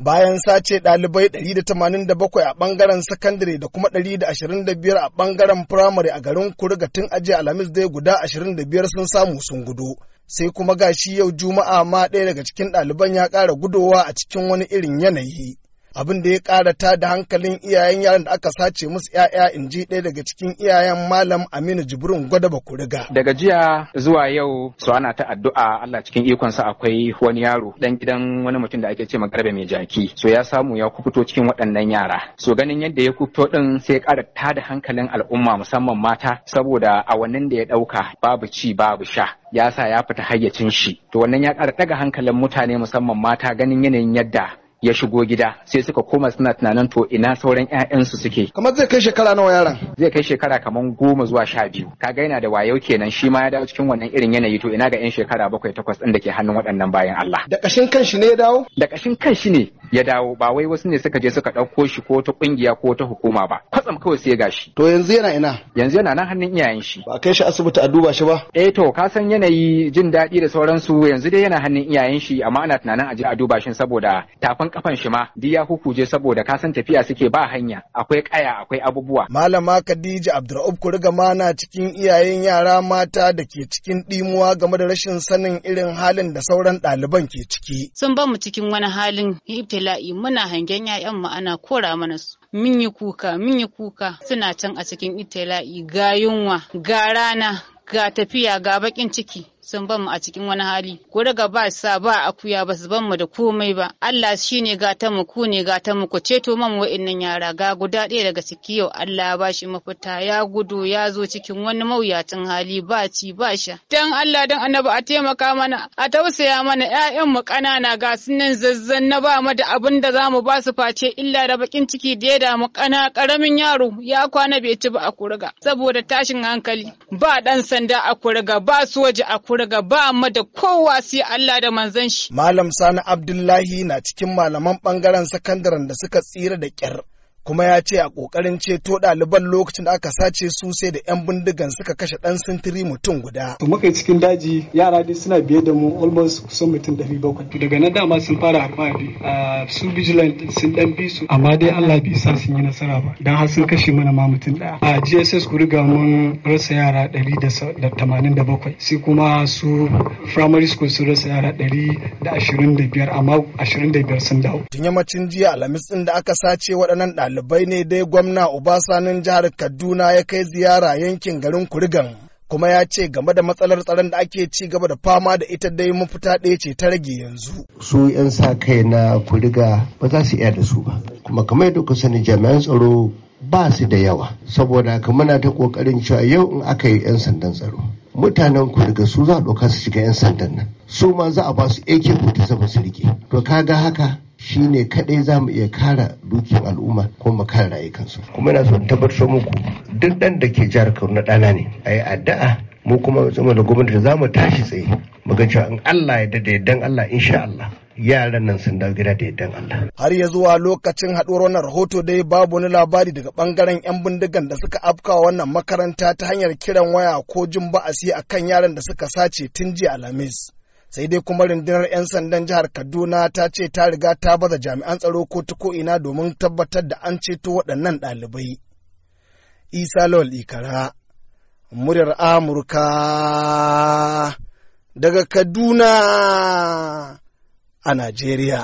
bayan sace ɗalibai 187 a bangaren sakandare da kuma 125 a bangaren firamare a garin kuriga tun ajiye alhamis dai guda 25 sun samu sun gudu sai kuma gashi yau juma'a ma ɗaya daga cikin ɗaliban ya ƙara gudowa a cikin wani irin yanayi abin da ya ƙara ta da hankalin iyayen yaran da aka sace musu ‘ya'ya in ji ɗaya daga cikin iyayen malam aminu jibrin gwada riga. daga jiya zuwa yau su ana ta addu'a allah cikin ikonsa akwai wani yaro dan gidan wani mutum da ake ce magarbe mai jaki so ya samu ya kufuto cikin waɗannan yara so ganin yadda ya kufuto ɗin sai ya ƙara ta da hankalin al'umma musamman mata saboda awannin da ya ɗauka babu ci babu sha ya sa ya fita hayyacin shi to wannan ya ƙara ɗaga hankalin mutane musamman mata ganin yanayin yadda ya shigo gida sai suka koma suna tunanin to ina sauran 'ya'yansu suke kamar zai kai shekara nawa yaran? zai kai shekara kamar goma zuwa sha biyu Ka kaga yana da wayau kenan shi ma ya dawo cikin wannan irin yanayi to ina ga 'yan shekara bakwai takwas ɗin da ke hannun waɗannan bayan Allah da ƙashin shi ne ya dawo da ƙashin shi ne ya dawo ba wai wasu ne suka je suka ɗauko shi ko ta ƙungiya ko ta hukuma ba kwatsam kawai sai gashi to yanzu yana ina yanzu yana nan hannun iyayen shi ba kai shi asibiti a duba shi ba eh to ka san yanayi jin daɗi da sauransu yanzu dai yana hannun iyayen shi amma ana tunanin a je a duba shi saboda tafin kafan shi ma duk ya hukuje saboda ka san tafiya suke ba hanya akwai kaya akwai abubuwa malama Khadija Abdurraub riga na cikin iyayen yara mata da ke cikin dimuwa game da rashin sanin irin halin da sauran ɗaliban ke ciki sun ba mu cikin wani halin ibtila'i muna hangen 'ya'yan ana kora mana su mun yi kuka mun yi kuka suna can a cikin ibtila'i ga yunwa ga rana ga tafiya ga bakin ciki sun ban mu a cikin wani hali ko daga ba sa ba akuya ba su ban mu da komai ba Allah shi shine gata mu ku ne gata mu ku ceto man wa'annan yara ga guda ɗaya daga ciki yau Allah ya shi mafita ya gudu ya zo cikin wani mawuyacin hali ba ci ba sha dan Allah dan annabi a taimaka mana a tausaya mana ƴaƴan mu kanana ga nan zazzan na ba mu da abin da zamu ba su face illa da bakin ciki da ya damu kana ƙaramin yaro ya kwana bai ci ba a kuriga saboda tashin hankali ba dan sanda a kuriga ba su waje a riga ba ma da kowa sai Allah da manzon shi. Malam Sani Abdullahi na cikin malaman ɓangaren sakandaren da suka tsira da ƙyar. kuma ya ce a ƙoƙarin ceto ɗaliban lokacin da aka sace su sai da 'yan bindigan suka kashe ɗan sintiri mutum guda. To muka yi cikin daji yara dai suna biye da mu almost kusan mutum ɗari bakwai. Daga nan dama sun fara harfaɗi su vigilant sun ɗan bi su amma dai Allah bai sa sun yi nasara ba don har sun kashe mana ma mutum ɗaya. A GSS ku riga mun rasa yara ɗari da tamanin da bakwai sai kuma su primary school sun rasa yara ɗari da ashirin da biyar amma ashirin da biyar sun dawo. Tun yammacin jiya Alhamis ɗin da aka sace waɗannan ɗalibai ɗalibai ne dai gwamna Obasanin jihar Kaduna ya kai ziyara yankin garin Kurigan. Kuma ya ce game da matsalar tsaron da ake ci gaba da fama da ita dai mafita ɗaya ce ta rage yanzu. Su 'yan sa kai na kuriga ba za su iya da su ba. Kuma kamar yadda ku sani jami'an tsaro ba su da yawa. Saboda haka muna ta ƙoƙarin cewa yau in aka yi 'yan sandan tsaro. mutanen kuriga su za a ɗauka su shiga 'yan sandan nan su ma za a ba su ak ta zama su rike to kaga haka shi ne kaɗai za mu iya kara dukiyar al'umma ko mu kare rayukansu kuma ina so in tabbatar muku duk ɗan da ke jihar Kaduna ɗana ne a yi addu'a mu kuma tsoma da gwamnati za mu tashi tsaye mu ga cewa in Allah ya da dan Allah insha Allah yaran nan sun dawo gida da yardan Allah. Har ya zuwa lokacin haɗuwar wannan rahoto dai babu wani labari daga ɓangaren 'yan bindigan da suka afka wannan makaranta ta hanyar kiran waya ko jin ba'asi akan yaran da suka sace tun jiya Alhamis. sai dai kuma rundunar 'yan sandan jihar kaduna ta ce ta riga ta baza jami'an tsaro ko ta ko'ina domin tabbatar da an ceto waɗannan ɗalibai isa lawal ikara muryar amurka daga kaduna a najeriya